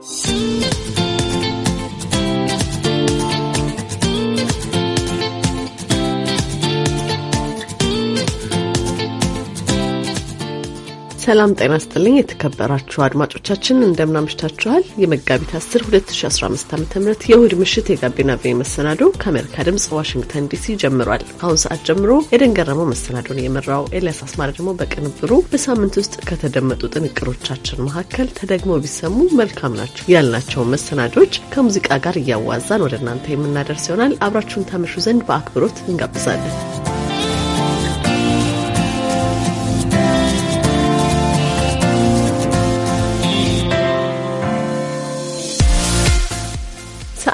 心。ሰላም ጤና ስጥልኝ የተከበራችሁ አድማጮቻችን እንደምናምሽታችኋል። የመጋቢት 10 2015 ዓ ም የእሁድ ምሽት የጋቢና ቪ መሰናዶ ከአሜሪካ ድምፅ ዋሽንግተን ዲሲ ጀምሯል። አሁን ሰዓት ጀምሮ የደንገረመው መሰናዶን የመራው ኤልያስ አስማራ ደግሞ በቅንብሩ በሳምንት ውስጥ ከተደመጡ ጥንቅሮቻችን መካከል ተደግሞ ቢሰሙ መልካም ናቸው ያልናቸውን መሰናዶች ከሙዚቃ ጋር እያዋዛን ወደ እናንተ የምናደርስ ይሆናል። አብራችሁን ታመሹ ዘንድ በአክብሮት እንጋብዛለን።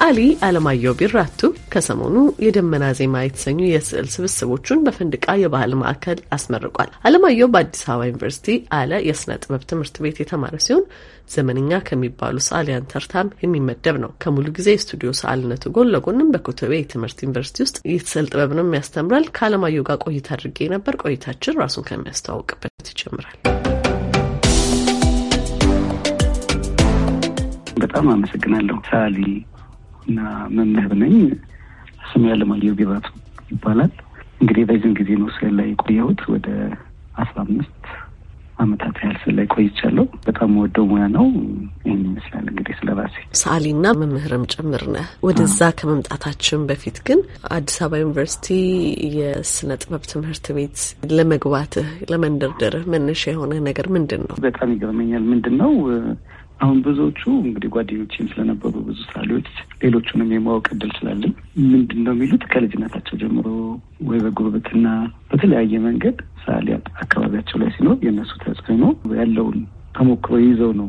ሰዓሊ አለማየሁ ቢራቱ ከሰሞኑ የደመና ዜማ የተሰኙ የስዕል ስብስቦቹን በፈንድቃ የባህል ማዕከል አስመርቋል። አለማየሁ በአዲስ አበባ ዩኒቨርሲቲ አለ የስነ ጥበብ ትምህርት ቤት የተማረ ሲሆን ዘመንኛ ከሚባሉ ሰዓሊያን ተርታም የሚመደብ ነው። ከሙሉ ጊዜ የስቱዲዮ ሰዓልነቱ ጎን ለጎንም በኮተቤ የትምህርት ዩኒቨርሲቲ ውስጥ የስዕል ጥበብንም ያስተምራል። ከአለማየሁ ጋር ቆይታ አድርጌ ነበር። ቆይታችን ራሱን ከሚያስተዋውቅበት ይጀምራል። በጣም አመሰግናለሁ። ሳሊ እና መምህር ነኝ። ስሜ አለማየሁ ቢራቱ ይባላል። እንግዲህ በዚህን ጊዜ ነው ስዕል ላይ የቆየሁት ወደ አስራ አምስት አመታት ያህል ስዕል ላይ ቆይቻለሁ። በጣም ወደው ሙያ ነው። ይህን ይመስላል እንግዲህ ስለ ራሴ። ሰዓሊና መምህርም ጭምር ነህ። ወደዛ ከመምጣታችን በፊት ግን አዲስ አበባ ዩኒቨርሲቲ የስነ ጥበብ ትምህርት ቤት ለመግባትህ ለመንደርደርህ መነሻ የሆነ ነገር ምንድን ነው? በጣም ይገርመኛል። ምንድን ነው አሁን ብዙዎቹ እንግዲህ ጓደኞችን ስለነበሩ ብዙ ሰዓሊዎች ሌሎቹንም የማወቅ እድል ስላለኝ ምንድን ነው የሚሉት ከልጅነታቸው ጀምሮ ወይ በጉርብትና በተለያየ መንገድ ሰዓሊያት አካባቢያቸው ላይ ሲኖር የእነሱ ተጽዕኖ ያለውን ተሞክሮ ይዘው ነው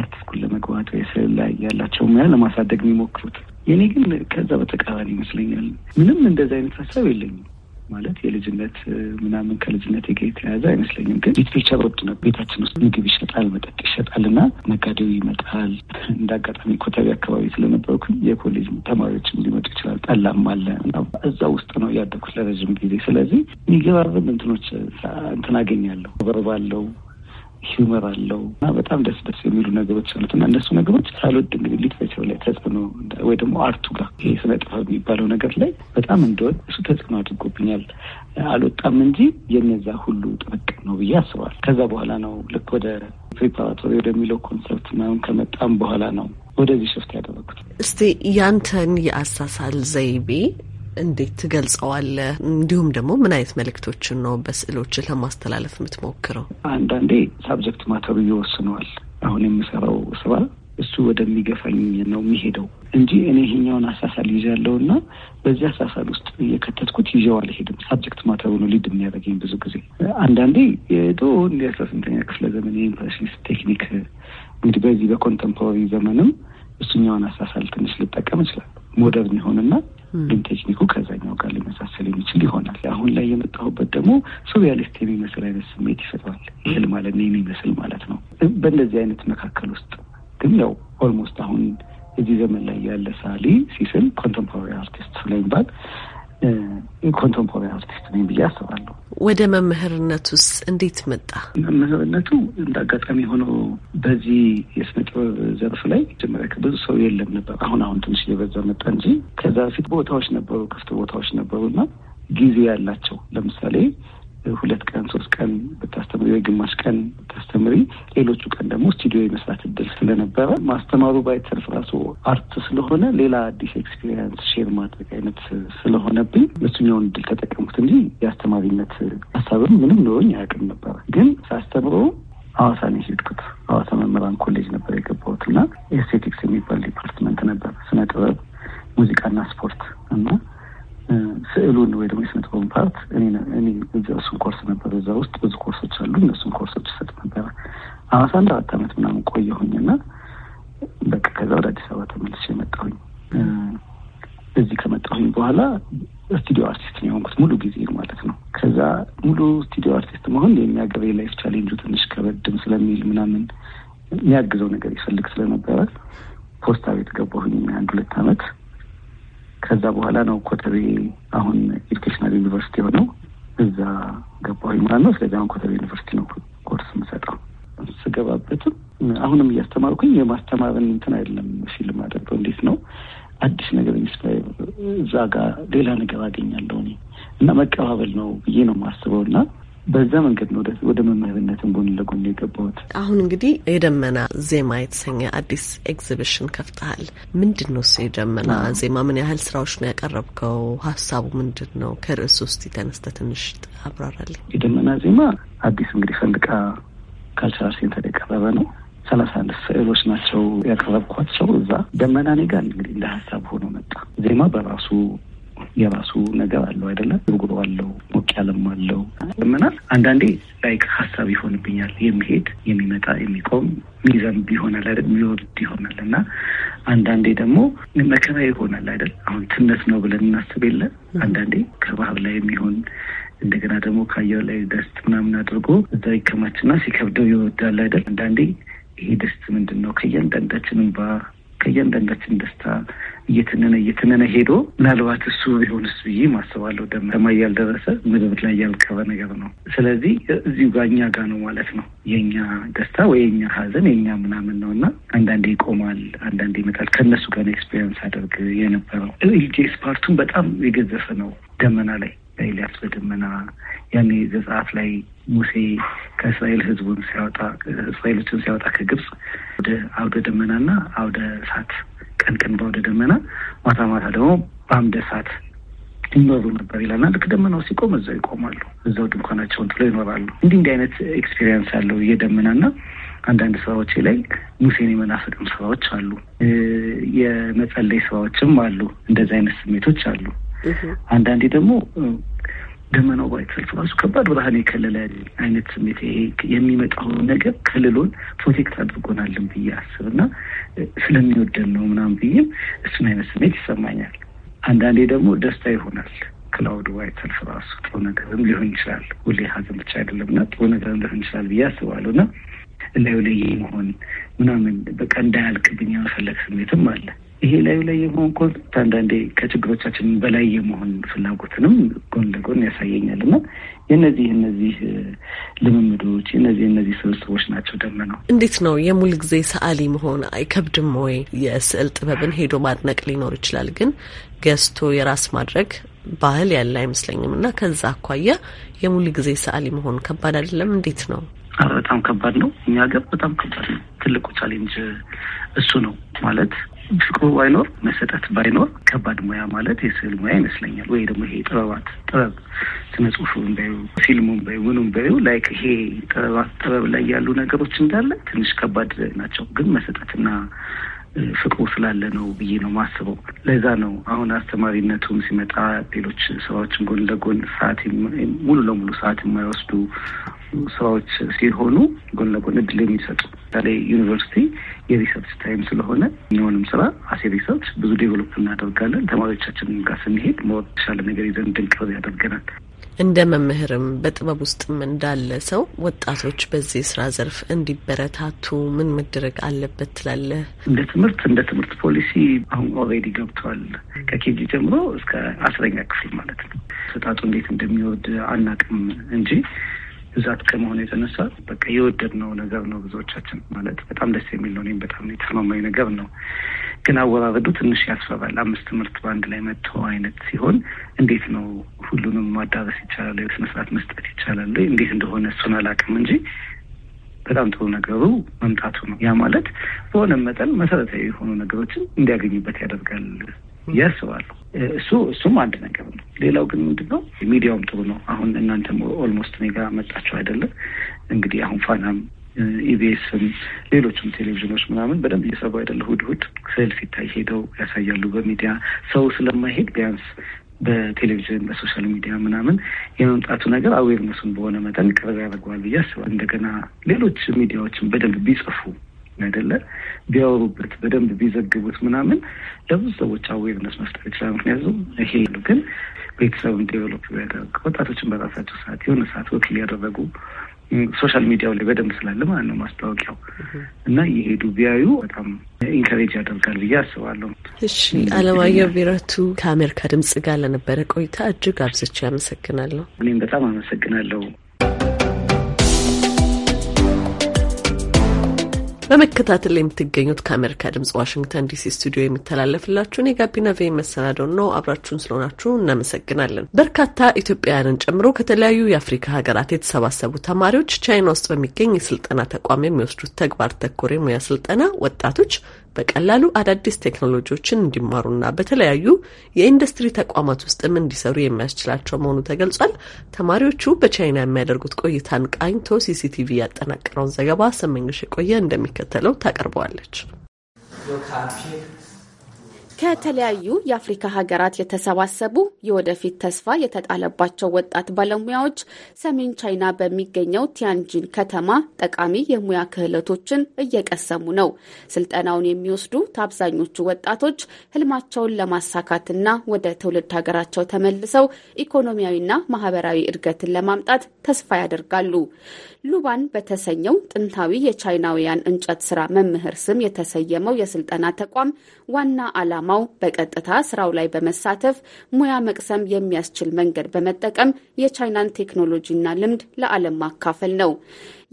አርት ስኩል ለመግባት ወይ ስዕል ላይ ያላቸው ሙያ ለማሳደግ የሚሞክሩት። የእኔ ግን ከዛ በተቃራኒ ይመስለኛል። ምንም እንደዚህ አይነት ሀሳብ የለኝም። ማለት የልጅነት ምናምን ከልጅነት ጋር የተያያዘ አይመስለኝም። ግን ቤት ሊትሬቸር በወጡ ነው። ቤታችን ውስጥ ምግብ ይሸጣል፣ መጠጥ ይሸጣል እና ነጋዴው ይመጣል። እንደ አጋጣሚ ኮተቤ አካባቢ ስለነበርኩኝ የኮሌጅ ተማሪዎችም ሊመጡ ይችላል። ጠላም አለ እና እዛ ውስጥ ነው ያደኩት ለረዥም ጊዜ። ስለዚህ የሚገባርብ እንትኖች እንትን አገኛለሁ ብር ባለው ሂውመር አለው እና በጣም ደስ ደስ የሚሉ ነገሮች አሉት እና እነሱ ነገሮች ካልወድ እንግዲህ ሊትሬቸር ላይ ተጽዕኖ ወይ ደግሞ አርቱ ጋር ይሄ ስነ ጥበብ የሚባለው ነገር ላይ በጣም እንደወድ እሱ ተጽዕኖ አድርጎብኛል። አልወጣም እንጂ የነዛ ሁሉ ጥርቅም ነው ብዬ አስባል። ከዛ በኋላ ነው ልክ ወደ ፕሪፓራቶሪ ወደሚለው ኮንሰርት ምናምን ከመጣም በኋላ ነው ወደዚህ ሽፍት ያደረጉት። እስቲ ያንተን የአሳሳል ዘይቤ እንዴት ትገልጸዋለህ? እንዲሁም ደግሞ ምን አይነት መልእክቶችን ነው በስዕሎች ለማስተላለፍ የምትሞክረው? አንዳንዴ ሳብጀክት ማተሩ ይወስነዋል። አሁን የምሰራው ስራ እሱ ወደሚገፋኝ ነው የሚሄደው እንጂ እኔ ይሄኛውን አሳሳል ይዣለሁ እና በዚህ አሳሳል ውስጥ እየከተትኩት ይዤው አልሄድም። ሳብጀክት ማተሩ ነው ሊድ የሚያደርገኝ ብዙ ጊዜ። አንዳንዴ የዶ እንደ አስራ ስምንተኛ ክፍለ ዘመን የኢምፕሬሽኒስት ቴክኒክ እንግዲህ በዚህ በኮንተምፖራሪ ዘመንም እሱኛውን አሳሳል ትንሽ ልጠቀም ይችላል ሞደርን ይሆንና ግን ቴክኒኩ ከዛኛው ጋር ሊመሳሰል የሚችል ይሆናል። አሁን ላይ የመጣሁበት ደግሞ ሱሪያሊስት የሚመስል አይነት ስሜት ይሰጠዋል። ይህል ማለት ነው የሚመስል ማለት ነው። በእንደዚህ አይነት መካከል ውስጥ ግን ያው ኦልሞስት አሁን እዚህ ዘመን ላይ ያለ ሳሊ ሲስል ኮንቴምፖራሪ አርቲስት ላይ ስለሚባል ኮንቴምፖራሪ አርቲስት ነኝ ብዬ አስባለሁ። ወደ መምህርነቱስ እንዴት መጣ? መምህርነቱ እንደ አጋጣሚ ሆነው በዚህ የስነ ጥበብ ዘርፍ ላይ መጀመሪያ ብዙ ሰው የለም ነበር። አሁን አሁን ትንሽ እየበዛ መጣ እንጂ ከዛ በፊት ቦታዎች ነበሩ፣ ክፍት ቦታዎች ነበሩ እና ጊዜ ያላቸው ለምሳሌ ሁለት ቀን ሶስት ቀን ብታስተምሪ ወይ ግማሽ ቀን ብታስተምሪ፣ ሌሎቹ ቀን ደግሞ ስቱዲዮ የመስራት እድል ስለነበረ ማስተማሩ ባይተርፍ ራሱ አርት ስለሆነ ሌላ አዲስ ኤክስፒሪየንስ ሼር ማድረግ አይነት ስለሆነብኝ እሱኛውን እድል ተጠቀሙት እንጂ የአስተማሪነት ሀሳብም ምንም ኖሮኝ አያውቅም ነበረ። ግን ሳስተምሮ ሐዋሳ ነው የሄድኩት። ሐዋሳ መምህራን ኮሌጅ ነበር የገባሁት እና ኤስቴቲክስ የሚባል ዲፓርትመንት ነበር ስነ ጥበብ ሙዚቃና ስፖርት እና ስዕሉን ወይ ደግሞ የስነጥበቡን ፓርት እኔ እሱን ኮርስ ነበር እዛ ውስጥ ብዙ ኮርሶች አሉ። እነሱን ኮርሶች ይሰጥ ነበረ። ሐዋሳ አንድ አራት ዓመት ምናምን ቆየሁኝ እና በቃ ከዛ ወደ አዲስ አበባ ተመልሼ የመጣሁኝ። እዚህ ከመጣሁኝ በኋላ ስቱዲዮ አርቲስት ነው የሆንኩት ሙሉ ጊዜ ማለት ነው። ከዛ ሙሉ ስቱዲዮ አርቲስት መሆን የሚያገበ የላይፍ ቻሌንጁ ትንሽ ከበድም ስለሚል ምናምን የሚያግዘው ነገር ይፈልግ ስለነበረ ፖስታ ቤት ገባሁኝ አንድ ሁለት ዓመት ከዛ በኋላ ነው ኮተቤ አሁን ኤዱኬሽናል ዩኒቨርሲቲ የሆነው እዛ ገባሁኝ ማለት ነው። ስለዚህ አሁን ኮተቤ ዩኒቨርሲቲ ነው ኮርስ የምሰጠው። ስገባበትም አሁንም እያስተማርኩኝ የማስተማርን እንትን አይደለም ፊል ማደርገው እንዴት ነው አዲስ ነገር ኢንስፓየር እዛ ጋር ሌላ ነገር አገኛለሁ እኔ እና መቀባበል ነው ብዬ ነው የማስበው እና በዛ መንገድ ነው ወደ መምህርነትን ጎን ለጎን የገባሁት። አሁን እንግዲህ የደመና ዜማ የተሰኘ አዲስ ኤግዚቢሽን ከፍተሃል። ምንድን ነው እሱ የደመና ዜማ? ምን ያህል ስራዎች ነው ያቀረብከው? ሀሳቡ ምንድን ነው? ከርዕሱ ውስጥ ተነስተ ትንሽ አብራራልኝ። የደመና ዜማ አዲስ እንግዲህ ፈንድቃ ካልቸራል ሴንተር የቀረበ ነው። ሰላሳ አንድ ስዕሎች ናቸው ያቀረብኳቸው። እዛ ደመና እኔ ጋር እንግዲህ እንደ ሀሳብ ሆኖ መጣ። ዜማ በራሱ የራሱ ነገር አለው አይደለም፣ ጉሮ አለው፣ አለም አለው ምናል አንዳንዴ ላይክ ሀሳብ ይሆንብኛል የሚሄድ የሚመጣ የሚቆም ሚዘንብ ይሆናል አይደል የሚወርድ ይሆናል እና አንዳንዴ ደግሞ መከራ ይሆናል አይደል አሁን ትነት ነው ብለን እናስብ የለ አንዳንዴ ከባህር ላይ የሚሆን እንደገና ደግሞ ከአየር ላይ ደስት ምናምን አድርጎ እዛ ይከማችና ሲከብደው ይወዳል አይደል አንዳንዴ ይሄ ደስት ምንድን ነው ከእያንዳንዳችን እንባ ከእያንዳንዳችን ደስታ እየትነነ እየትነነ ሄዶ ምናልባት እሱ ቢሆንስ ብዬ ማስባለሁ። ደማ እያልደረሰ ምድብ ላይ ያልቀበ ነገር ነው። ስለዚህ እዚሁ ጋር እኛ ጋር ነው ማለት ነው። የእኛ ደስታ ወይ የኛ ሀዘን የኛ ምናምን ነው እና አንዳንዴ ይቆማል፣ አንዳንዴ ይመጣል። ከእነሱ ጋር ኤክስፔሪንስ አደርግ የነበረው ልጄስ ስፓርቱን በጣም የገዘፈ ነው ደመና ላይ ኤልያስ በደመና ያኔ ዘጸአት ላይ ሙሴ ከእስራኤል ህዝቡን ሲያወጣ እስራኤሎችን ሲያወጣ ከግብፅ ወደ አውደ ደመና ደመናና አውደ እሳት ቀን ቀን በአውደ ደመና ማታ ማታ ደግሞ በአምደ እሳት ይኖሩ ነበር ይላልና ልክ ደመናው ሲቆም እዛው ይቆማሉ፣ እዛው ድንኳናቸውን ጥለው ይኖራሉ። እንዲህ እንዲህ አይነት ኤክስፔሪየንስ ያለው የደመናና አንዳንድ ስራዎች ላይ ሙሴን የመናፈቅም ስራዎች አሉ፣ የመጸለይ ስራዎችም አሉ። እንደዚህ አይነት ስሜቶች አሉ። አንዳንዴ ደግሞ ገመናው ባይት ራሱ ከባድ ብርሃን የከለለ አይነት ስሜት ይሄ የሚመጣውን ነገር ክልሉን ፕሮቴክት አድርጎናልን ብዬ አስብና ስለሚወደን ነው ምናምን ብዬም እሱን አይነት ስሜት ይሰማኛል። አንዳንዴ ደግሞ ደስታ ይሆናል። ክላውድ ዋይት ሰልፍ ራሱ ጥሩ ነገርም ሊሆን ይችላል። ሁሌ ሀዘን ብቻ አይደለም እና ጥሩ ነገርም ሊሆን ይችላል ብዬ አስባለሁ እና እላዩ ላይ መሆን ምናምን በቃ እንዳያልቅብኝ መፈለግ ስሜትም አለ። ይሄ ላዩ ላይ የመሆን አንዳንዴ ከችግሮቻችን በላይ የመሆን ፍላጎትንም ጎን ለጎን ያሳየኛል እና የነዚህ እነዚህ ልምምዶች የነዚህ እነዚህ ስብስቦች ናቸው ደመ ነው። እንዴት ነው የሙል ጊዜ ሰዓሊ መሆን አይከብድም ወይ? የስዕል ጥበብን ሄዶ ማድነቅ ሊኖር ይችላል፣ ግን ገዝቶ የራስ ማድረግ ባህል ያለ አይመስለኝም እና ከዛ አኳያ የሙል ጊዜ ሰዓሊ መሆን ከባድ አይደለም? እንዴት ነው? በጣም ከባድ ነው። እኛ ገር በጣም ከባድ ነው። ትልቁ ቻሌንጅ እሱ ነው ማለት ፍቅሩ ባይኖር መሰጠት ባይኖር ከባድ ሙያ ማለት የስዕል ሙያ ይመስለኛል። ወይ ደግሞ ይሄ ጥበባት ጥበብ ስነ ጽሁፉ ባዩ ፊልሙን ባዩ ምኑን ባዩ ላይክ ይሄ ጥበባት ጥበብ ላይ ያሉ ነገሮች እንዳለ ትንሽ ከባድ ናቸው፣ ግን መሰጠትና ፍቅሩ ስላለ ነው ብዬ ነው ማስበው። ለዛ ነው አሁን አስተማሪነቱም ሲመጣ ሌሎች ስራዎችን ጎን ለጎን ሰዓት ሙሉ ለሙሉ ሰዓት የማይወስዱ ስራዎች ሲሆኑ ጎን ለጎን እድል የሚሰጡ በተለይ ዩኒቨርሲቲ የሪሰርች ታይም ስለሆነ የሆንም ስራ አሴ ሪሰርች ብዙ ዴቨሎፕ እናደርጋለን። ተማሪዎቻችን ጋር ስንሄድ መወቅ የተሻለ ነገር ይዘን እንድንቀር ያደርገናል። እንደ መምህርም በጥበብ ውስጥም እንዳለ ሰው ወጣቶች በዚህ ስራ ዘርፍ እንዲበረታቱ ምን መደረግ አለበት ትላለህ? እንደ ትምህርት እንደ ትምህርት ፖሊሲ አሁን ኦልሬዲ ገብቷል። ከኬጂ ጀምሮ እስከ አስረኛ ክፍል ማለት ነው። ስጣቱ እንዴት እንደሚወድ አናቅም እንጂ ብዛት ከመሆኑ የተነሳ በቃ የወደድነው ነገር ነው። ብዙዎቻችን ማለት በጣም ደስ የሚል ነው። እኔም በጣም የተስማማኝ ነገር ነው። ግን አወራረዱ ትንሽ ያስፈራል። አምስት ትምህርት በአንድ ላይ መጥቶ አይነት ሲሆን እንዴት ነው ሁሉንም ማዳረስ ይቻላል? ስነ መስጠት ይቻላል? እንዴት እንደሆነ እሱን አላውቅም እንጂ በጣም ጥሩ ነገሩ መምጣቱ ነው። ያ ማለት በሆነ መጠን መሰረታዊ የሆኑ ነገሮችን እንዲያገኙበት ያደርጋል እያስባለሁ። እሱ እሱም አንድ ነገር ነው። ሌላው ግን ምንድን ነው ሚዲያውም ጥሩ ነው። አሁን እናንተም ኦልሞስት እኔ ጋር መጣችሁ አይደለም እንግዲህ አሁን ፋናም ኢቢኤስም ሌሎችም ቴሌቪዥኖች ምናምን በደንብ እየሰሩ አይደለ? እሑድ እሑድ ስዕል ሲታይ ሄደው ያሳያሉ በሚዲያ ሰው ስለማይሄድ ቢያንስ በቴሌቪዥን በሶሻል ሚዲያ ምናምን የመምጣቱ ነገር አዌርነሱን በሆነ መጠን ቅርብ ያደርገዋል ብዬ አስባለሁ። እንደገና ሌሎች ሚዲያዎችን በደንብ ቢጽፉ አይደለ ቢያወሩበት በደንብ ቢዘግቡት ምናምን ለብዙ ሰዎች አዌርነስ መፍጠር ይችላል። ምክንያቱም ይሄ ግን ቤተሰብን ዴቨሎፕ ያደረግ ወጣቶችን በራሳቸው ሰዓት የሆነ ሰዓት ወክል ያደረጉ ሶሻል ሚዲያው ላይ በደንብ ስላለ ማለት ነው ማስታወቂያው እና የሄዱ ቢያዩ በጣም ኢንከሬጅ ያደርጋል ብዬ አስባለሁ። እሺ አለማየሁ ቢረቱ ከአሜሪካ ድምጽ ጋር ለነበረ ቆይታ እጅግ አብዝቼ አመሰግናለሁ። እኔም በጣም አመሰግናለሁ። በመከታተል የምትገኙት ከአሜሪካ ድምጽ ዋሽንግተን ዲሲ ስቱዲዮ የሚተላለፍላችሁን የጋቢና ቬ መሰናዶን ነው። አብራችሁን ስለሆናችሁ እናመሰግናለን። በርካታ ኢትዮጵያውያንን ጨምሮ ከተለያዩ የአፍሪካ ሀገራት የተሰባሰቡ ተማሪዎች ቻይና ውስጥ በሚገኝ የስልጠና ተቋም የሚወስዱት ተግባር ተኮር የሙያ ስልጠና ወጣቶች በቀላሉ አዳዲስ ቴክኖሎጂዎችን እንዲማሩና በተለያዩ የኢንዱስትሪ ተቋማት ውስጥም እንዲሰሩ የሚያስችላቸው መሆኑ ተገልጿል። ተማሪዎቹ በቻይና የሚያደርጉት ቆይታን ቃኝቶ ሲሲቲቪ ያጠናቀረውን ዘገባ ሰመኞሽ የቆየ እንደሚ እንደሚከተለው ታቀርበዋለች። ከተለያዩ የአፍሪካ ሀገራት የተሰባሰቡ የወደፊት ተስፋ የተጣለባቸው ወጣት ባለሙያዎች ሰሜን ቻይና በሚገኘው ቲያንጂን ከተማ ጠቃሚ የሙያ ክህሎቶችን እየቀሰሙ ነው። ስልጠናውን የሚወስዱት አብዛኞቹ ወጣቶች ህልማቸውን ለማሳካትና ወደ ትውልድ ሀገራቸው ተመልሰው ኢኮኖሚያዊና ማህበራዊ እድገትን ለማምጣት ተስፋ ያደርጋሉ። ሉባን በተሰኘው ጥንታዊ የቻይናውያን እንጨት ስራ መምህር ስም የተሰየመው የስልጠና ተቋም ዋና ዓላማ ዓላማው በቀጥታ ስራው ላይ በመሳተፍ ሙያ መቅሰም የሚያስችል መንገድ በመጠቀም የቻይናን ቴክኖሎጂና ልምድ ለዓለም ማካፈል ነው።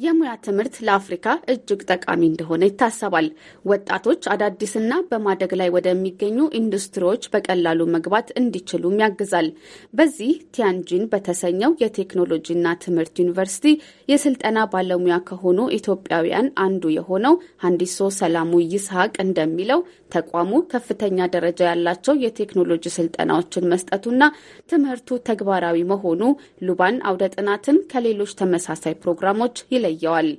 የሙያ ትምህርት ለአፍሪካ እጅግ ጠቃሚ እንደሆነ ይታሰባል። ወጣቶች አዳዲስና በማደግ ላይ ወደሚገኙ ኢንዱስትሪዎች በቀላሉ መግባት እንዲችሉም ያግዛል። በዚህ ቲያንጂን በተሰኘው የቴክኖሎጂና ትምህርት ዩኒቨርሲቲ የስልጠና ባለሙያ ከሆኑ ኢትዮጵያውያን አንዱ የሆነው ሀንዲሶ ሰላሙ ይስሐቅ እንደሚለው ተቋሙ ከፍተኛ ደረጃ ያላቸው የቴክኖሎጂ ስልጠናዎችን መስጠቱና ትምህርቱ ተግባራዊ መሆኑ ሉባን አውደ ጥናትን ከሌሎች ተመሳሳይ ፕሮግራሞች ይለየዋል።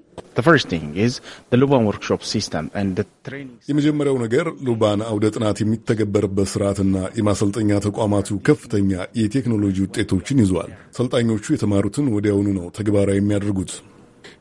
የመጀመሪያው ነገር ሉባን አውደ ጥናት የሚተገበርበት ስርዓትና የማሰልጠኛ ተቋማቱ ከፍተኛ የቴክኖሎጂ ውጤቶችን ይዟል ሰልጣኞቹ የተማሩትን ወዲያውኑ ነው ተግባራዊ የሚያደርጉት።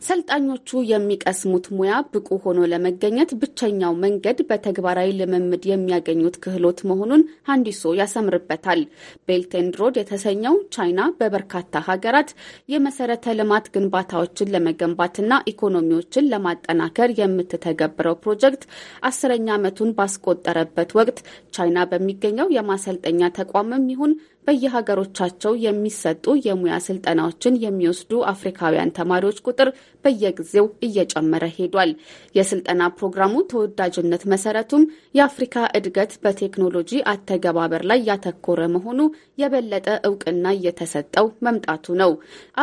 ሰልጣኞቹ የሚቀስሙት ሙያ ብቁ ሆኖ ለመገኘት ብቸኛው መንገድ በተግባራዊ ልምምድ የሚያገኙት ክህሎት መሆኑን ሀንዲሶ ያሰምርበታል። ቤልት ኤንድ ሮድ የተሰኘው ቻይና በበርካታ ሀገራት የመሰረተ ልማት ግንባታዎችን ለመገንባትና ኢኮኖሚዎችን ለማጠናከር የምትተገብረው ፕሮጀክት አስረኛ ዓመቱን ባስቆጠረበት ወቅት ቻይና በሚገኘው የማሰልጠኛ ተቋምም ይሁን በየሀገሮቻቸው የሚሰጡ የሙያ ስልጠናዎችን የሚወስዱ አፍሪካውያን ተማሪዎች ቁጥር በየጊዜው እየጨመረ ሄዷል። የስልጠና ፕሮግራሙ ተወዳጅነት መሰረቱም የአፍሪካ እድገት በቴክኖሎጂ አተገባበር ላይ ያተኮረ መሆኑ የበለጠ እውቅና እየተሰጠው መምጣቱ ነው።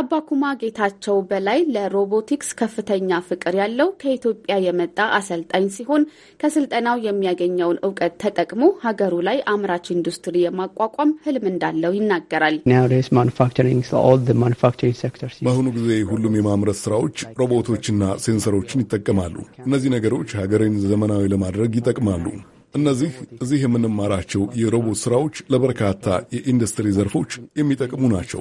አባኩማ ጌታቸው በላይ ለሮቦቲክስ ከፍተኛ ፍቅር ያለው ከኢትዮጵያ የመጣ አሰልጣኝ ሲሆን ከስልጠናው የሚያገኘውን እውቀት ተጠቅሞ ሀገሩ ላይ አምራች ኢንዱስትሪ የማቋቋም ህልም እንዳ እንዳለው ይናገራል። በአሁኑ ጊዜ ሁሉም የማምረት ስራዎች ሮቦቶችና ሴንሰሮችን ይጠቀማሉ። እነዚህ ነገሮች ሀገርን ዘመናዊ ለማድረግ ይጠቅማሉ። እነዚህ እዚህ የምንማራቸው የሮቦት ስራዎች ለበርካታ የኢንዱስትሪ ዘርፎች የሚጠቅሙ ናቸው።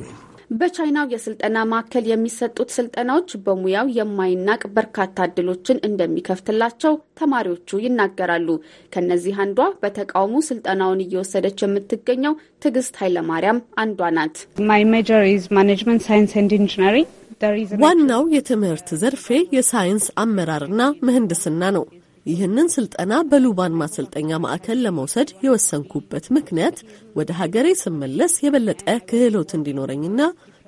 በቻይናው የስልጠና ማዕከል የሚሰጡት ስልጠናዎች በሙያው የማይናቅ በርካታ እድሎችን እንደሚከፍትላቸው ተማሪዎቹ ይናገራሉ። ከነዚህ አንዷ በተቃውሞ ስልጠናውን እየወሰደች የምትገኘው ትዕግስት ኃይለማርያም አንዷ ናት። ማይ ሜጀር ኢዝ ማኔጅመንት ሳይንስ ኤንድ ኢንጂነሪንግ ዋናው የትምህርት ዘርፌ የሳይንስ አመራርና ምህንድስና ነው። ይህንን ስልጠና በሉባን ማሰልጠኛ ማዕከል ለመውሰድ የወሰንኩበት ምክንያት ወደ ሀገሬ ስመለስ የበለጠ ክህሎት እንዲኖረኝና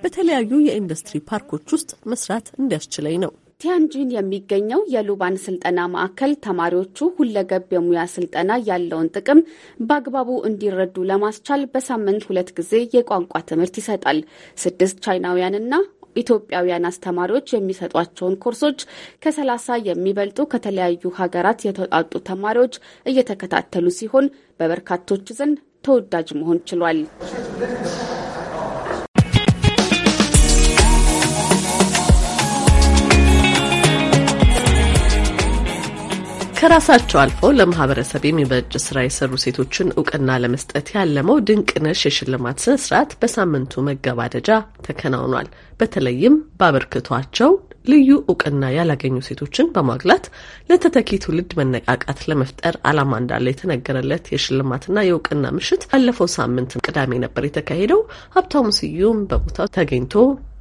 በተለያዩ የኢንዱስትሪ ፓርኮች ውስጥ መስራት እንዲያስችለኝ ነው። ቲያንጂን የሚገኘው የሉባን ስልጠና ማዕከል ተማሪዎቹ ሁለገብ የሙያ ስልጠና ያለውን ጥቅም በአግባቡ እንዲረዱ ለማስቻል በሳምንት ሁለት ጊዜ የቋንቋ ትምህርት ይሰጣል። ስድስት ቻይናውያንና ኢትዮጵያውያን አስተማሪዎች የሚሰጧቸውን ኮርሶች ከሰላሳ የሚበልጡ ከተለያዩ ሀገራት የተውጣጡ ተማሪዎች እየተከታተሉ ሲሆን በበርካቶች ዘንድ ተወዳጅ መሆን ችሏል። ከራሳቸው አልፈው ለማህበረሰብ የሚበጅ ስራ የሰሩ ሴቶችን እውቅና ለመስጠት ያለመው ድንቅነሽ የሽልማት ስነ ስርዓት በሳምንቱ መገባደጃ ተከናውኗል። በተለይም ባበርክቷቸው ልዩ እውቅና ያላገኙ ሴቶችን በማግላት ለተተኪ ትውልድ መነቃቃት ለመፍጠር ዓላማ እንዳለ የተነገረለት የሽልማትና የእውቅና ምሽት ባለፈው ሳምንት ቅዳሜ ነበር የተካሄደው። ሀብታሙ ስዩም በቦታው ተገኝቶ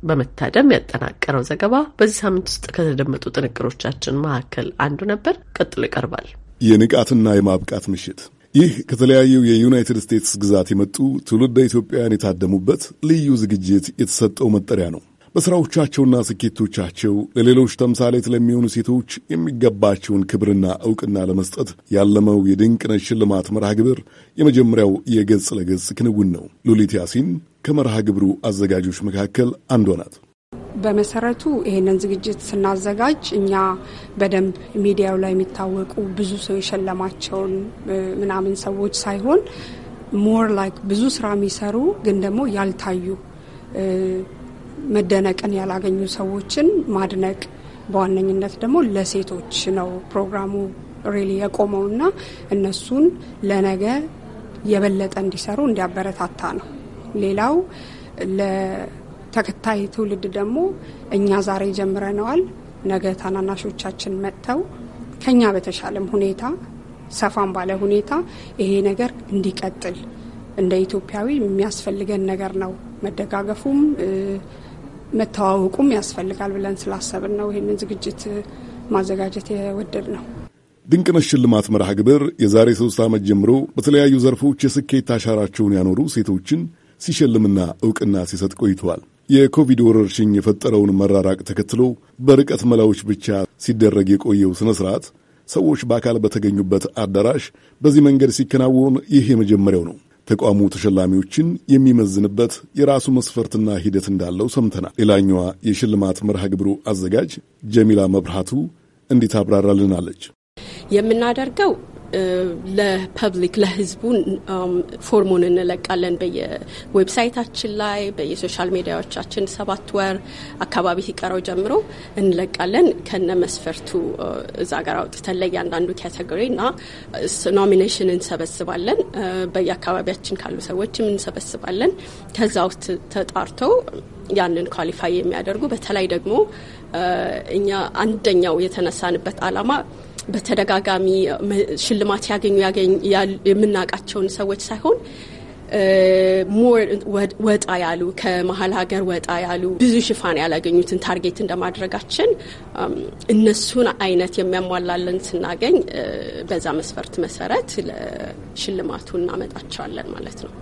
በመታደም ያጠናቀረው ዘገባ በዚህ ሳምንት ውስጥ ከተደመጡ ጥንቅሮቻችን መካከል አንዱ ነበር። ቀጥሎ ይቀርባል። የንቃትና የማብቃት ምሽት ይህ ከተለያዩ የዩናይትድ ስቴትስ ግዛት የመጡ ትውልደ ኢትዮጵያውያን የታደሙበት ልዩ ዝግጅት የተሰጠው መጠሪያ ነው። በሥራዎቻቸውና ስኬቶቻቸው ለሌሎች ተምሳሌት ለሚሆኑ ሴቶች የሚገባቸውን ክብርና ዕውቅና ለመስጠት ያለመው የድንቅነት ሽልማት መርሃ ግብር የመጀመሪያው የገጽ ለገጽ ክንውን ነው። ሉሊት ያሲን ከመርሃ ግብሩ አዘጋጆች መካከል አንዷ ናት። በመሰረቱ ይህንን ዝግጅት ስናዘጋጅ እኛ በደንብ ሚዲያው ላይ የሚታወቁ ብዙ ሰው የሸለማቸውን ምናምን ሰዎች ሳይሆን ሞር ላይክ ብዙ ስራ የሚሰሩ ግን ደግሞ ያልታዩ መደነቅን ያላገኙ ሰዎችን ማድነቅ በዋነኝነት ደግሞ ለሴቶች ነው ፕሮግራሙ ሬሊ እና እነሱን ለነገ የበለጠ እንዲሰሩ እንዲያበረታታ ነው። ሌላው ለተከታይ ትውልድ ደግሞ እኛ ዛሬ ጀምረነዋል፣ ነገ ታናናሾቻችን መጥተው ከኛ በተሻለም ሁኔታ ሰፋም ባለ ሁኔታ ይሄ ነገር እንዲቀጥል እንደ ኢትዮጵያዊ የሚያስፈልገን ነገር ነው መደጋገፉም መተዋወቁም ያስፈልጋል ብለን ስላሰብን ነው ይህንን ዝግጅት ማዘጋጀት የወደድ ነው። ድንቅነሽ ሽልማት መርሃ ግብር የዛሬ ሶስት ዓመት ጀምሮ በተለያዩ ዘርፎች የስኬት አሻራቸውን ያኖሩ ሴቶችን ሲሸልምና እውቅና ሲሰጥ ቆይተዋል። የኮቪድ ወረርሽኝ የፈጠረውን መራራቅ ተከትሎ በርቀት መላዎች ብቻ ሲደረግ የቆየው ሥነ ሥርዓት ሰዎች በአካል በተገኙበት አዳራሽ በዚህ መንገድ ሲከናወን ይህ የመጀመሪያው ነው። ተቋሙ ተሸላሚዎችን የሚመዝንበት የራሱ መስፈርትና ሂደት እንዳለው ሰምተናል። ሌላኛዋ የሽልማት መርሃ ግብሩ አዘጋጅ ጀሚላ መብርሃቱ እንዲት ታብራራልናለች። የምናደርገው ለፐብሊክ ለህዝቡ ፎርሙን እንለቃለን። በየዌብሳይታችን ላይ በየሶሻል ሚዲያዎቻችን ሰባት ወር አካባቢ ሲቀረው ጀምሮ እንለቃለን። ከነ መስፈርቱ እዛ ጋር አውጥተን ለእያንዳንዱ ካቴጎሪ እና ኖሚኔሽን እንሰበስባለን። በየአካባቢያችን ካሉ ሰዎችም እንሰበስባለን። ከዛ ውስጥ ተጣርተው ያንን ኳሊፋይ የሚያደርጉ በተለይ ደግሞ እኛ አንደኛው የተነሳንበት አላማ በተደጋጋሚ ሽልማት ያገኙ የምናውቃቸውን ሰዎች ሳይሆን ሞር ወጣ ያሉ ከመሀል ሀገር ወጣ ያሉ ብዙ ሽፋን ያላገኙትን ታርጌት እንደማድረጋችን እነሱን አይነት የሚያሟላለን ስናገኝ በዛ መስፈርት መሰረት ለሽልማቱ እናመጣቸዋለን ማለት ነው።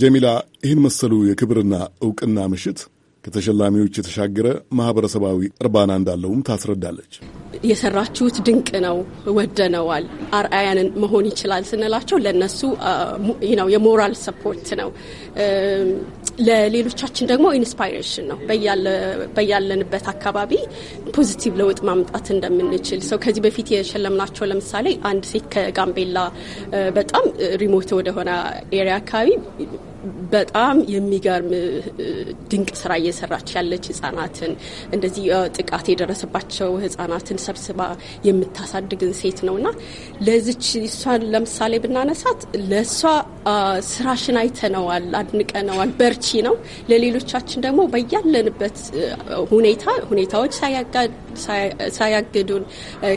ጀሚላ፣ ይህን መሰሉ የክብርና እውቅና ምሽት ከተሸላሚዎች የተሻገረ ማህበረሰባዊ እርባና እንዳለውም ታስረዳለች። የሰራችሁት ድንቅ ነው፣ ወደነዋል፣ አርአያንን መሆን ይችላል ስንላቸው ለእነሱ ነው የሞራል ሰፖርት ነው፣ ለሌሎቻችን ደግሞ ኢንስፓይሬሽን ነው። በያለንበት አካባቢ ፖዚቲቭ ለውጥ ማምጣት እንደምንችል ሰው ከዚህ በፊት የሸለምናቸው ለምሳሌ አንድ ሴት ከጋምቤላ በጣም ሪሞት ወደሆነ ኤሪያ አካባቢ በጣም የሚገርም ድንቅ ስራ እየሰራች ያለች ህጻናትን እንደዚህ ጥቃት የደረሰባቸው ህጻናትን ሰብስባ የምታሳድግን ሴት ነው ነውና ለዚች እሷን ለምሳሌ ብናነሳት ለእሷ ስራሽን አይተነዋል፣ አድንቀነዋል፣ በርቺ ነው። ለሌሎቻችን ደግሞ በያለንበት ሁኔታ ሁኔታዎች ሳያግዱን፣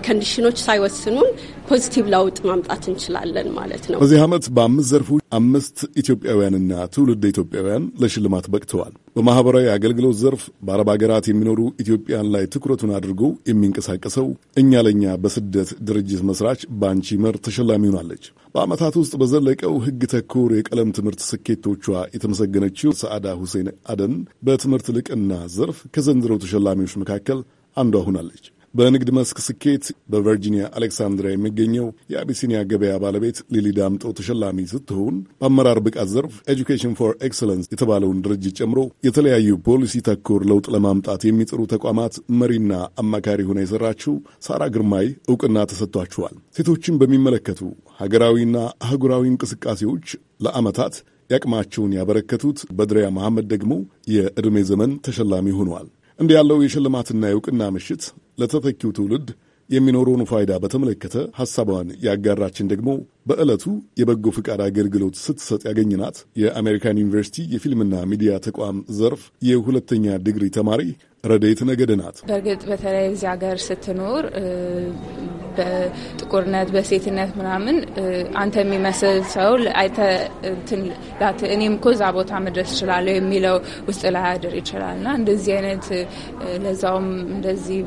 ከንዲሽኖች ሳይወስኑን ፖዚቲቭ ለውጥ ማምጣት እንችላለን ማለት ነው። በዚህ ዓመት በአምስት ዘርፎች አምስት ኢትዮጵያውያንና ትውልድ ኢትዮጵያውያን ለሽልማት በቅተዋል። በማህበራዊ አገልግሎት ዘርፍ በአረብ ሀገራት የሚኖሩ ኢትዮጵያን ላይ ትኩረቱን አድርጎ የሚንቀሳቀሰው እኛ ለእኛ በስደት ድርጅት መስራች ባንቺ መር ተሸላሚ ሆናለች። በዓመታት ውስጥ በዘለቀው ህግ ተኮር የቀለም ትምህርት ስኬቶቿ የተመሰገነችው ሰዓዳ ሁሴን አደን በትምህርት ልቅና ዘርፍ ከዘንድሮው ተሸላሚዎች መካከል አንዷ ሆናለች። በንግድ መስክ ስኬት በቨርጂኒያ አሌክሳንድሪያ የሚገኘው የአቢሲኒያ ገበያ ባለቤት ሊሊ ዳምጠው ተሸላሚ ስትሆን በአመራር ብቃት ዘርፍ ኤጁኬሽን ፎር ኤክሰለንስ የተባለውን ድርጅት ጨምሮ የተለያዩ ፖሊሲ ተኮር ለውጥ ለማምጣት የሚጥሩ ተቋማት መሪና አማካሪ ሆና የሰራችው ሳራ ግርማይ እውቅና ተሰጥቷችኋል። ሴቶችን በሚመለከቱ ሀገራዊና አህጉራዊ እንቅስቃሴዎች ለዓመታት ያቅማቸውን ያበረከቱት በድሪያ መሐመድ ደግሞ የዕድሜ ዘመን ተሸላሚ ሆነዋል። እንዲህ ያለው የሽልማትና የእውቅና ምሽት ለተተኪው ትውልድ የሚኖረውን ፋይዳ በተመለከተ ሐሳቧን ያጋራችን ደግሞ በዕለቱ የበጎ ፈቃድ አገልግሎት ስትሰጥ ያገኝናት የአሜሪካን ዩኒቨርሲቲ የፊልምና ሚዲያ ተቋም ዘርፍ የሁለተኛ ዲግሪ ተማሪ ረዴት ነገድ ናት። በእርግጥ በተለይ እዚህ ሀገር ስትኖር በጥቁርነት በሴትነት ምናምን አንተ የሚመስል ሰው እኔም እኮ እዛ ቦታ መድረስ እችላለሁ የሚለው ውስጥ ላይ አድር ይችላል እና እንደዚህ አይነት ለዛውም እንደዚህ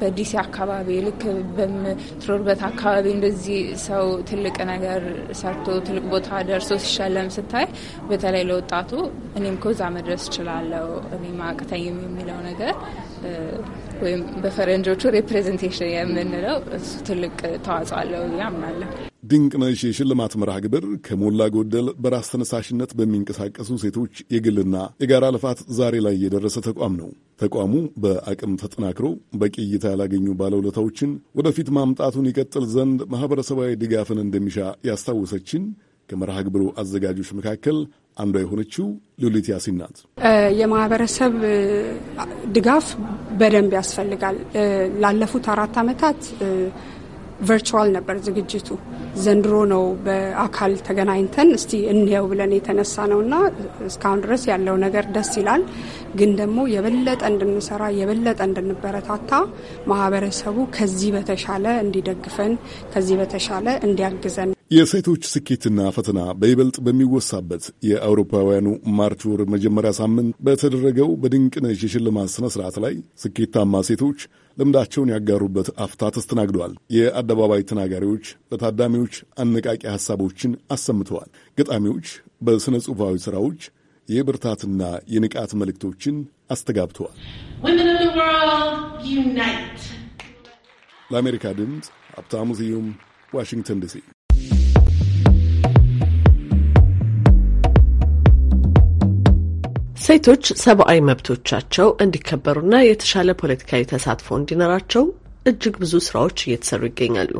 በዲሲ አካባቢ ልክ በምትሮርበት አካባቢ እንደዚህ ሰው ትልቅ ነገር ሰርቶ ትልቅ ቦታ ደርሶ ሲሸለም ስታይ በተለይ ለወጣቱ እኔም ከዛ መድረስ እችላለሁ እኔም አቅተኝም የሚለው ነገር ወይም በፈረንጆቹ ሪፕሬዘንቴሽን የምንለው እሱ ትልቅ ተዋጽኦ አለው ያምናለሁ። ድንቅ ነሽ የሽልማት መርሃ ግብር ከሞላ ጎደል በራስ ተነሳሽነት በሚንቀሳቀሱ ሴቶች የግልና የጋራ ልፋት ዛሬ ላይ የደረሰ ተቋም ነው። ተቋሙ በአቅም ተጠናክሮ በቂ እይታ ያላገኙ ባለውለታዎችን ወደፊት ማምጣቱን ይቀጥል ዘንድ ማህበረሰባዊ ድጋፍን እንደሚሻ ያስታወሰችን ከመርሃ ግብሩ አዘጋጆች መካከል አንዷ የሆነችው ሉሊት ያሲን ናት። የማህበረሰብ ድጋፍ በደንብ ያስፈልጋል። ላለፉት አራት ዓመታት ቨርቹዋል ነበር ዝግጅቱ። ዘንድሮ ነው በአካል ተገናኝተን እስቲ እንየው ብለን የተነሳ ነው እና እስካሁን ድረስ ያለው ነገር ደስ ይላል። ግን ደግሞ የበለጠ እንድንሰራ የበለጠ እንድንበረታታ ማህበረሰቡ ከዚህ በተሻለ እንዲደግፈን ከዚህ በተሻለ እንዲያግዘን የሴቶች ስኬትና ፈተና በይበልጥ በሚወሳበት የአውሮፓውያኑ ማርች ወር መጀመሪያ ሳምንት በተደረገው በድንቅነሽ የሽልማት ስነ ስርዓት ላይ ስኬታማ ሴቶች ልምዳቸውን ያጋሩበት አፍታ ተስተናግደዋል። የአደባባይ ተናጋሪዎች ለታዳሚዎች አነቃቂ ሐሳቦችን አሰምተዋል። ገጣሚዎች በሥነ ጽሑፋዊ ሥራዎች የብርታትና የንቃት መልእክቶችን አስተጋብተዋል። ለአሜሪካ ድምፅ ሀብታሙ ስዩም ዋሽንግተን ዲሲ ሴቶች ሰብአዊ መብቶቻቸው እንዲከበሩና የተሻለ ፖለቲካዊ ተሳትፎ እንዲኖራቸው እጅግ ብዙ ስራዎች እየተሰሩ ይገኛሉ።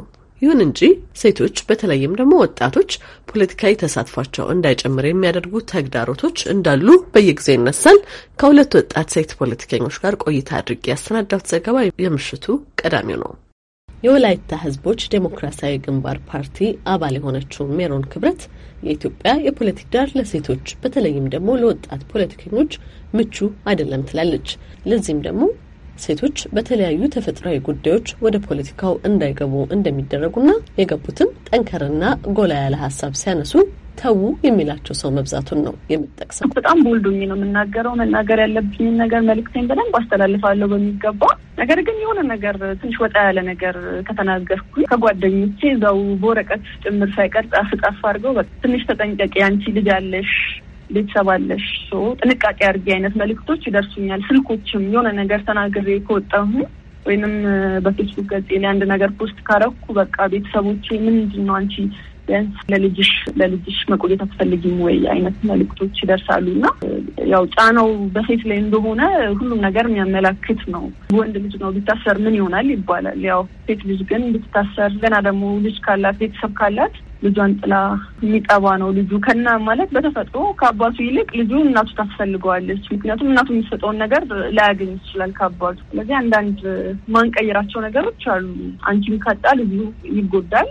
ይሁን እንጂ ሴቶች በተለይም ደግሞ ወጣቶች ፖለቲካዊ ተሳትፏቸው እንዳይጨምር የሚያደርጉ ተግዳሮቶች እንዳሉ በየጊዜው ይነሳል። ከሁለት ወጣት ሴት ፖለቲከኞች ጋር ቆይታ አድርጌ ያሰናዳሁት ዘገባ የምሽቱ ቀዳሚው ነው። የወላይታ ህዝቦች ዴሞክራሲያዊ ግንባር ፓርቲ አባል የሆነችው ሜሮን ክብረት የኢትዮጵያ የፖለቲክ ዳር ለሴቶች በተለይም ደግሞ ለወጣት ፖለቲከኞች ምቹ አይደለም ትላለች። ለዚህም ደግሞ ሴቶች በተለያዩ ተፈጥሯዊ ጉዳዮች ወደ ፖለቲካው እንዳይገቡ እንደሚደረጉና የገቡትም ጠንከርና ጎላ ያለ ሀሳብ ሲያነሱ ተዉ የሚላቸው ሰው መብዛቱን ነው የምጠቅሰው። በጣም ቦልዶኝ ነው የምናገረው። መናገር ያለብኝን ነገር መልዕክቴን በደንብ አስተላልፋለሁ በሚገባ። ነገር ግን የሆነ ነገር ትንሽ ወጣ ያለ ነገር ከተናገርኩ ከጓደኞቼ እዛው በወረቀት ጭምር ሳይቀር ጻፍ ጻፍ አድርገው ትንሽ ተጠንቀቂ፣ አንቺ ልጅ አለሽ ቤተሰብ አለሽ፣ ጥንቃቄ አድርጊ አይነት መልክቶች ይደርሱኛል። ስልኮችም የሆነ ነገር ተናግሬ ከወጣሁ ወይንም በፌስቡክ ገጽ ላይ አንድ ነገር ፖስት ካረኩ በቃ ቤተሰቦቼ ምንድን ነው አንቺ ቢያንስ ለልጅሽ ለልጅሽ መቆየት አትፈልጊም ወይ አይነት መልእክቶች ይደርሳሉ እና ያው ጫናው በሴት ላይ እንደሆነ ሁሉም ነገር የሚያመላክት ነው። ወንድ ልጅ ነው ቢታሰር ምን ይሆናል ይባላል። ያው ሴት ልጅ ግን ብትታሰር ገና ደግሞ ልጅ ካላት ቤተሰብ ካላት ልጇን ጥላ የሚጠባ ነው። ልጁ ከና ማለት በተፈጥሮ ከአባቱ ይልቅ ልጁ እናቱ ታስፈልገዋለች። ምክንያቱም እናቱ የሚሰጠውን ነገር ላያገኝ ይችላል ከአባቱ። ስለዚህ አንዳንድ ማንቀይራቸው ነገሮች አሉ። አንቺም ካጣ ልጁ ይጎዳል።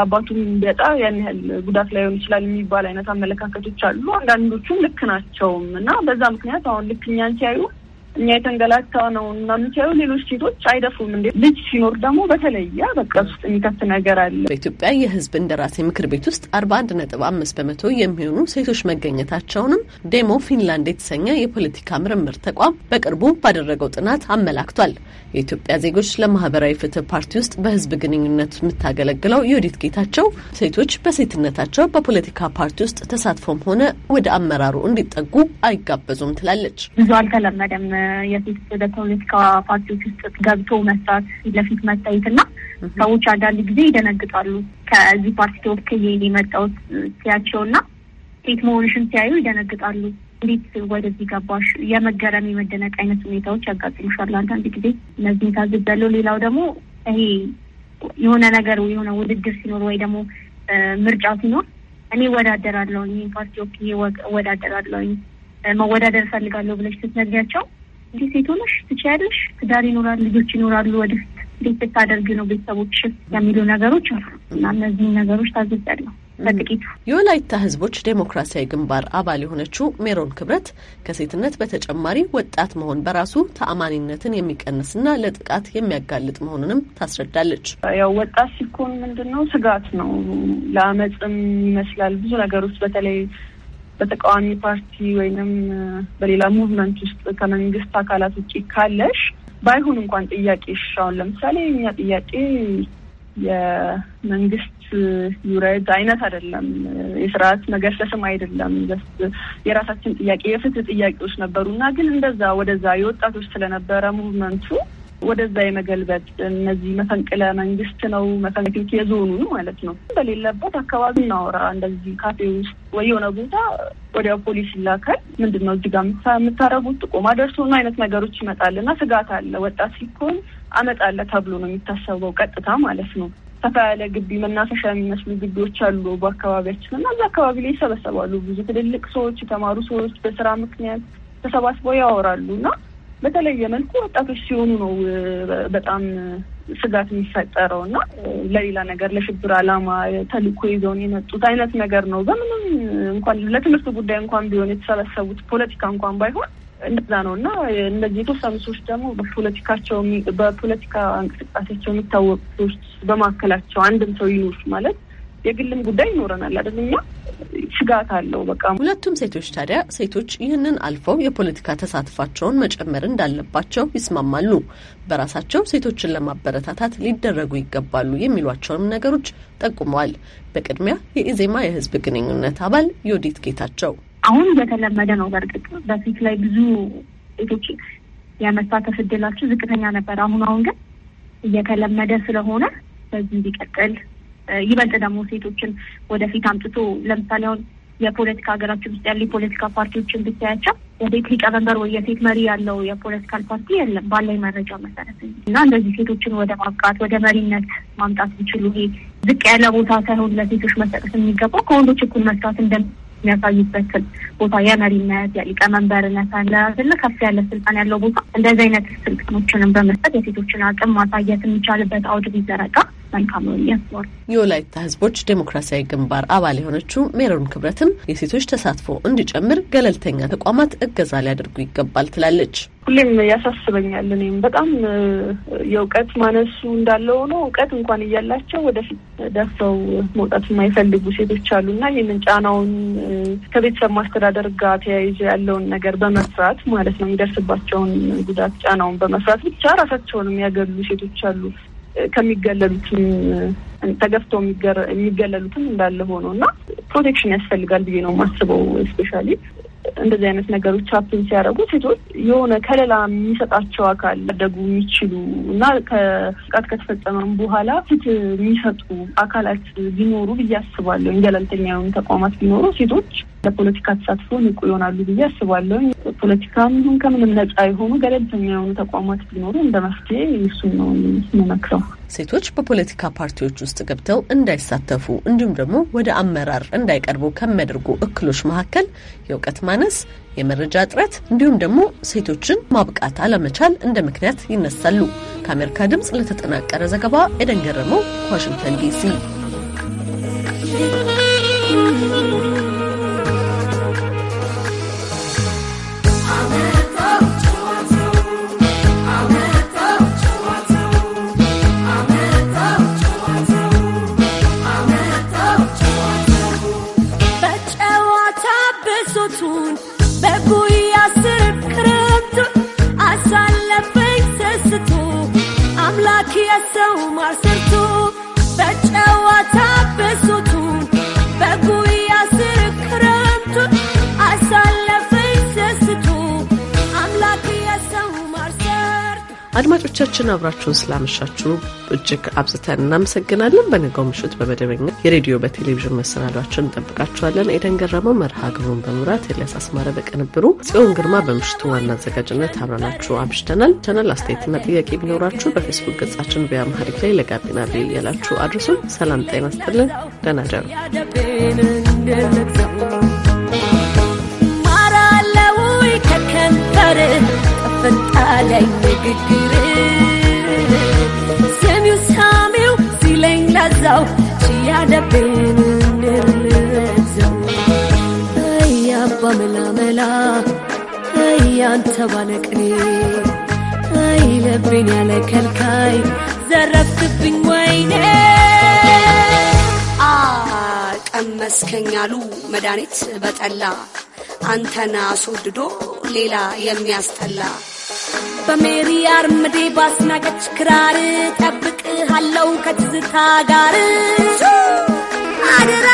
አባቱም ቢያጣ ያን ያህል ጉዳት ላይሆን ይችላል የሚባል አይነት አመለካከቶች አሉ። አንዳንዶቹም ልክ ናቸውም እና በዛ ምክንያት አሁን ልክ እኛን ሲያዩ እኛ የተንገላታ ነው እና ሌሎች ሴቶች አይደፉም እንዴ? ልጅ ሲኖር ደግሞ በተለየ በቃ ውስጥ የሚከት ነገር አለ። በኢትዮጵያ የህዝብ እንደራሴ ምክር ቤት ውስጥ አርባ አንድ ነጥብ አምስት በመቶ የሚሆኑ ሴቶች መገኘታቸውንም ዴሞ ፊንላንድ የተሰኘ የፖለቲካ ምርምር ተቋም በቅርቡ ባደረገው ጥናት አመላክቷል። የኢትዮጵያ ዜጎች ለማህበራዊ ፍትህ ፓርቲ ውስጥ በህዝብ ግንኙነት የምታገለግለው የወዲት ጌታቸው ሴቶች በሴትነታቸው በፖለቲካ ፓርቲ ውስጥ ተሳትፎም ሆነ ወደ አመራሩ እንዲጠጉ አይጋበዙም ትላለች። ብዙ አልተለመደም የሴት ወደ ፖለቲካ ፓርቲዎች ውስጥ ገብቶ መስራት ፊት ለፊት መታየት እና ሰዎች አንዳንድ ጊዜ ይደነግጣሉ። ከዚህ ፓርቲ ተወክዬ የመጣሁት ሲያቸው እና ሴት መሆንሽን ሲያዩ ይደነግጣሉ። እንዴት ወደዚህ ገባሽ? የመገረም የመደነቅ አይነት ሁኔታዎች ያጋጥሙሻል አንዳንድ ጊዜ። እነዚህ ታዝበለው። ሌላው ደግሞ ይሄ የሆነ ነገር የሆነ ውድድር ሲኖር ወይ ደግሞ ምርጫ ሲኖር እኔ እወዳደራለሁኝ ይህን ፓርቲ ወክዬ እወዳደራለሁኝ መወዳደር እፈልጋለሁ ብለሽ ስትነግሪያቸው አዲስ ሴት ሆነሽ ትችያለሽ፣ ትዳር ይኖራል፣ ልጆች ይኖራሉ፣ ወደ ቤት ብታደርግ ነው ቤተሰቦች የሚሉ ነገሮች አሉ እና እነዚህ ነገሮች ታዘብያለሁ። በጥቂቱ የወላይታ ህዝቦች ዴሞክራሲያዊ ግንባር አባል የሆነችው ሜሮን ክብረት ከሴትነት በተጨማሪ ወጣት መሆን በራሱ ተአማኒነትን የሚቀንስና ለጥቃት የሚያጋልጥ መሆኑንም ታስረዳለች። ያው ወጣት ሲኮን ምንድን ነው ስጋት ነው፣ ለአመፅም ይመስላል ብዙ ነገሮች በተለይ በተቃዋሚ ፓርቲ ወይንም በሌላ ሙቭመንት ውስጥ ከመንግስት አካላት ውጭ ካለሽ ባይሆን እንኳን ጥያቄ አሁን ለምሳሌ እኛ ጥያቄ የመንግስት ዩረድ አይነት አይደለም፣ የስርዓት መገርሰስም አይደለም። የራሳችን ጥያቄ የፍትህ ጥያቄዎች ነበሩ እና ግን እንደዛ ወደዛ የወጣቶች ስለነበረ ሙቭመንቱ ወደዛ የመገልበጥ እነዚህ መፈንቅለ መንግስት ነው መፈንፊት የዞኑ ማለት ነው። በሌለበት አካባቢ እናወራ እንደዚህ ካፌ ውስጥ ወይ የሆነ ቦታ ወዲያው ፖሊስ ይላካል። ምንድን ነው እዚህ ጋር የምታረጉት ጥቆማ ደርሶና አይነት ነገሮች ይመጣል እና ስጋት አለ። ወጣት ሲኮን አመጣለ ተብሎ ነው የሚታሰበው ቀጥታ ማለት ነው። ሰፋ ያለ ግቢ መናፈሻ የሚመስሉ ግቢዎች አሉ በአካባቢያችን እና እዛ አካባቢ ላይ ይሰበሰባሉ ብዙ ትልልቅ ሰዎች፣ የተማሩ ሰዎች በስራ ምክንያት ተሰባስበው ያወራሉ እና በተለየ መልኩ ወጣቶች ሲሆኑ ነው በጣም ስጋት የሚፈጠረው እና ለሌላ ነገር ለሽብር አላማ ተልእኮ ይዘውን የመጡት አይነት ነገር ነው። በምንም እንኳን ለትምህርት ጉዳይ እንኳን ቢሆን የተሰበሰቡት ፖለቲካ እንኳን ባይሆን እንደዛ ነው እና እነዚህ የተወሰኑ ሰዎች ደግሞ በፖለቲካቸው በፖለቲካ እንቅስቃሴቸው የሚታወቁ ሰዎች በማካከላቸው አንድም ሰው ይኖር ማለት የግልም ጉዳይ ይኖረናል አይደል? እኛ ስጋት አለው። በቃ ሁለቱም ሴቶች ታዲያ ሴቶች ይህንን አልፈው የፖለቲካ ተሳትፏቸውን መጨመር እንዳለባቸው ይስማማሉ። በራሳቸው ሴቶችን ለማበረታታት ሊደረጉ ይገባሉ የሚሏቸውንም ነገሮች ጠቁመዋል። በቅድሚያ የኢዜማ የህዝብ ግንኙነት አባል ዮዲት ጌታቸው አሁን እየተለመደ ነው። በእርግጥ በፊት ላይ ብዙ ሴቶች የመሳተፍ እድላቸው ዝቅተኛ ነበር። አሁን አሁን ግን እየተለመደ ስለሆነ በዚህ ሊቀጥል ይበልጥ ደግሞ ሴቶችን ወደፊት አምጥቶ ለምሳሌ አሁን የፖለቲካ ሀገራችን ውስጥ ያሉ የፖለቲካ ፓርቲዎችን ብታያቸው የሴት ሊቀመንበር ወይ የሴት መሪ ያለው የፖለቲካል ፓርቲ የለም። ባላይ መረጃ መሰረት እና እንደዚህ ሴቶችን ወደ ማብቃት ወደ መሪነት ማምጣት ቢችሉ ይሄ ዝቅ ያለ ቦታ ሳይሆን ለሴቶች መሰጠት የሚገባው ከወንዶች እኩል መስራት እንደ የሚያሳዩበት ቦታ የመሪነት የሊቀመንበርነት አለ አይደለ ከፍ ያለ ስልጣን ያለው ቦታ እንደዚህ አይነት ስልጣኖችንም በመስጠት የሴቶችን አቅም ማሳየት የሚቻልበት አውድ ቢዘረጋ መልካም የወላይታ ሕዝቦች ዴሞክራሲያዊ ግንባር አባል የሆነችው ሜሮን ክብረትም የሴቶች ተሳትፎ እንዲጨምር ገለልተኛ ተቋማት እገዛ ሊያደርጉ ይገባል ትላለች። ሁሌም ያሳስበኛል። እኔም በጣም የእውቀት ማነሱ እንዳለ ሆኖ እውቀት እንኳን እያላቸው ወደፊት ደፍረው መውጣት የማይፈልጉ ሴቶች አሉ እና ይህንን ጫናውን ከቤተሰብ ማስተዳደር ጋር ተያይዞ ያለውን ነገር በመፍራት ማለት ነው የሚደርስባቸውን ጉዳት ጫናውን በመፍራት ብቻ ራሳቸውን የሚያገሉ ሴቶች አሉ። ከሚገለሉትም ተገፍተው የሚገለሉትም እንዳለ ሆኖ እና ፕሮቴክሽን ያስፈልጋል ብዬ ነው የማስበው። ስፔሻሊ እንደዚህ አይነት ነገሮች ሀፕን ሲያደርጉ ሴቶች የሆነ ከለላ የሚሰጣቸው አካል ሊያደጉ የሚችሉ እና ከጥቃት ከተፈጸመም በኋላ ፍትህ የሚሰጡ አካላት ቢኖሩ ብዬ አስባለሁ። ገለልተኛ የሆኑ ተቋማት ቢኖሩ ሴቶች ለፖለቲካ ተሳትፎ ንቁ ይሆናሉ ብዬ አስባለሁ። ፖለቲካም ይሁን ከምንም ነጻ የሆኑ ገለልተኛ የሆኑ ተቋማት ቢኖሩ እንደ መፍትሄ እሱን ነው የምመክረው። ሴቶች በፖለቲካ ፓርቲዎች ውስጥ ገብተው እንዳይሳተፉ እንዲሁም ደግሞ ወደ አመራር እንዳይቀርቡ ከሚያደርጉ እክሎች መካከል የእውቀት ማነስ፣ የመረጃ እጥረት እንዲሁም ደግሞ ሴቶችን ማብቃት አለመቻል እንደ ምክንያት ይነሳሉ። ከአሜሪካ ድምፅ ለተጠናቀረ ዘገባ ኤደን ገረመው ከዋሽንግተን ዲሲ አድማጮቻችን አብራችሁን ስላመሻችሁ እጅግ አብዝተን እናመሰግናለን። በነገው ምሽት በመደበኛ የሬዲዮ በቴሌቪዥን መሰናዷችን እንጠብቃችኋለን። ኤደን ገረመው መርሃ ግብሩን በመምራት ኤልያስ አስማረ በቅንብሩ፣ ጽዮን ግርማ በምሽቱ ዋና አዘጋጅነት አብረናችሁ አምሽተናል። ቻናል አስተያየትና ጥያቄ ቢኖራችሁ በፌስቡክ ገጻችን በአምሃሪክ ላይ ለጋቢና ቤ እያላችሁ አድርሱን። ሰላም ጤና ስጥልን። ደህና ደሩ አፈጣለኝ ንግግር ሰሚው ሳሚው ሲለኝ ለዛው ችያለብን እንርዘው እያባ መላመላ እያንተ ባለቅኔ አይ ለቤን ያለ ከልካይ ዘረፍትብኝ ወይኔ ቀመስከኝ አሉ መድኃኒት በጠላ አንተን አስወድዶ ሌላ የሚያስጠላ በሜሪ አርምዴ ባስናቀች ክራር ጠብቅሃለው ከትዝታ ጋር አድራ